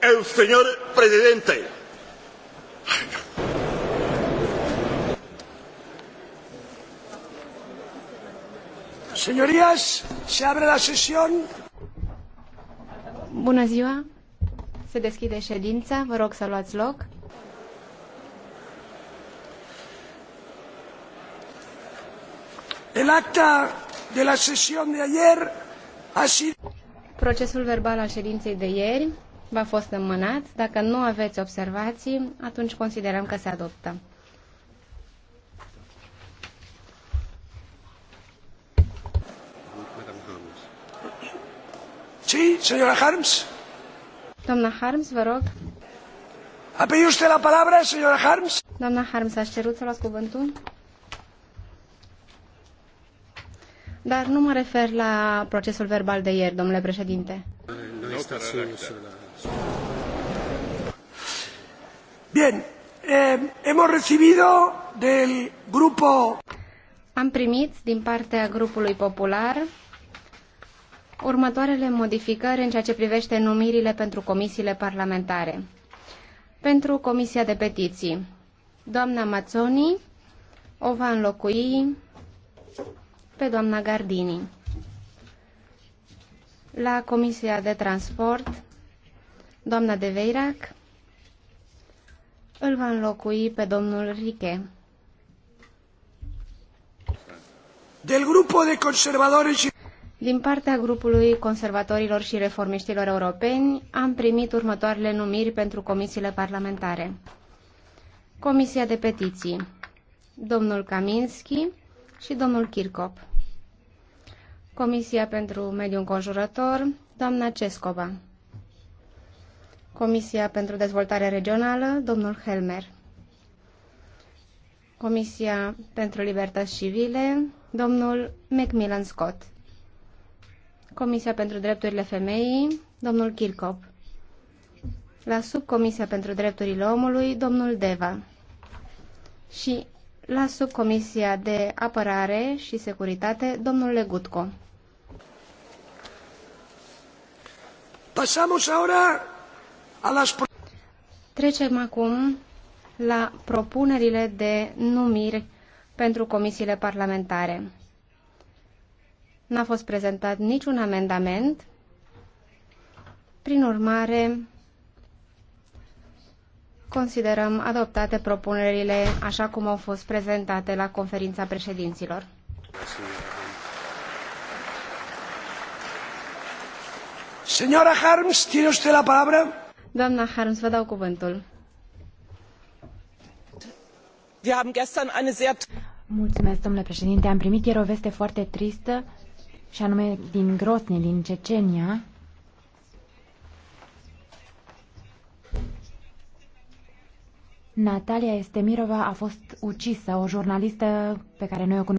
El señor presidente. Señorías, se abre la sesión. Bună ziua. Se deschide ședința. Vă rog să luați loc. El acta de la sesión de ayer ha sido Procesul verbal al ședinței de ieri v-a fost înmânat. Dacă nu aveți observații, atunci considerăm că se adoptă. Sí, señora Harms. Doamna Harms, vă rog. A pedido usted la palabra, señora Harms? Doamna Harms, ați cerut să luați cuvântul? dar nu mă refer la procesul verbal de ieri, domnule președinte. Bien, eh, hemos recibido del grupo... Am primit din partea grupului popular următoarele modificări în ceea ce privește numirile pentru comisiile parlamentare. Pentru Comisia de Petiții, doamna Mazzoni o va înlocui pe doamna Gardini. La Comisia de Transport, doamna de Veirac îl va înlocui pe domnul Riche. Del grupo de conservadores și... Din partea grupului conservatorilor și reformiștilor europeni am primit următoarele numiri pentru comisiile parlamentare. Comisia de petiții. Domnul Kaminski, și domnul Kirkop. Comisia pentru Mediul Înconjurător, doamna Cescova. Comisia pentru Dezvoltare Regională, domnul Helmer. Comisia pentru Libertăți Civile, domnul Macmillan Scott. Comisia pentru Drepturile Femeii, domnul Kirkop. La Subcomisia pentru Drepturile Omului, domnul Deva. Și la subcomisia de apărare și securitate, domnul Legutco. ahora a las... Trecem acum la propunerile de numiri pentru comisiile parlamentare. N-a fost prezentat niciun amendament, prin urmare, considerăm adoptate propunerile așa cum au fost prezentate la conferința președinților. Señora Harms, tiene usted la palabra. Doamna Harms, vă dau cuvântul. Wir haben gestern eine sehr Mulțumesc, domnule președinte. Am primit ieri o veste foarte tristă, și anume din Grozny, din Cecenia, Natalia Estemirova a fost ucisă, o jurnalistă pe care noi o cunoaștem.